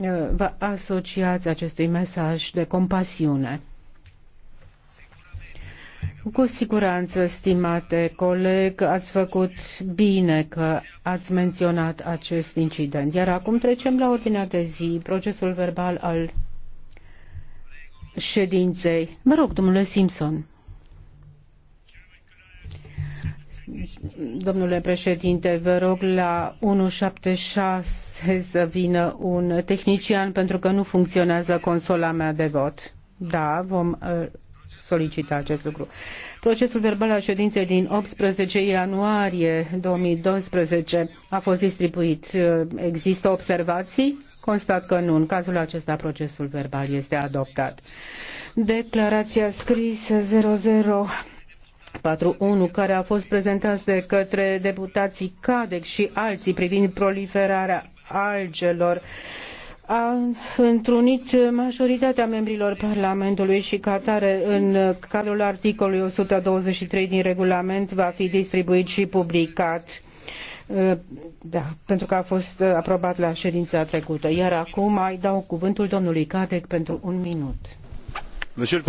Eh, vă asociați acestui mesaj de compasiune. Cu siguranță, stimate coleg, ați făcut bine că ați menționat acest incident. Iar acum trecem la ordinea de zi, procesul verbal al ședinței. Mă rog, domnule Simpson. Domnule președinte, vă rog la 176 să vină un tehnician pentru că nu funcționează consola mea de vot. Da, vom uh, solicita acest lucru. Procesul verbal al ședinței din 18 ianuarie 2012 a fost distribuit. Uh, există observații? Constat că nu. În cazul acesta, procesul verbal este adoptat. Declarația scrisă 00 41, care a fost prezentat de către deputații Cadec și alții privind proliferarea algelor, a întrunit majoritatea membrilor Parlamentului și ca tare în cadrul articolului 123 din regulament va fi distribuit și publicat. Uh, da, pentru că a fost uh, aprobat la ședința trecută. Iar acum mai dau cuvântul domnului Cadec pentru un minut. Monsieur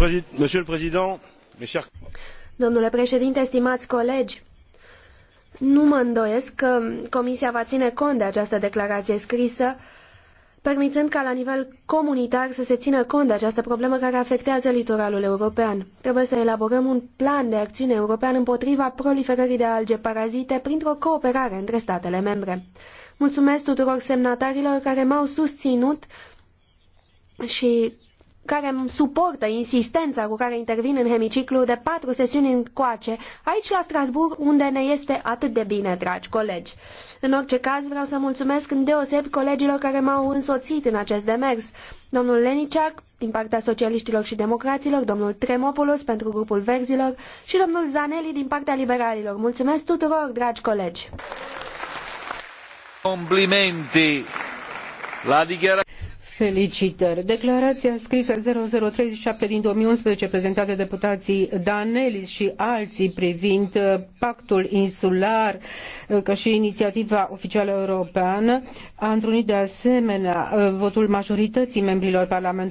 le Président, mes chers Domnule președinte, stimați colegi, nu mă îndoiesc că Comisia va ține cont de această declarație scrisă, permițând ca la nivel comunitar să se țină cont de această problemă care afectează litoralul european. Trebuie să elaborăm un plan de acțiune european împotriva proliferării de alge parazite printr-o cooperare între statele membre. Mulțumesc tuturor semnatarilor care m-au susținut și care suportă insistența cu care intervin în hemiciclu de patru sesiuni încoace, aici la Strasbourg, unde ne este atât de bine, dragi colegi. În orice caz, vreau să mulțumesc îndeosebi colegilor care m-au însoțit în acest demers. Domnul Leniciac, din partea socialiștilor și democraților, domnul Tremopoulos pentru grupul verzilor și domnul Zanelli din partea liberalilor. Mulțumesc tuturor, dragi colegi! Complimenti la dichiarazione Felicitări. Declarația scrisă 0037 din 2011 prezentată de deputații Danelis și alții privind uh, pactul insular uh, ca și inițiativa oficială europeană a întrunit de asemenea uh, votul majorității membrilor Parlamentului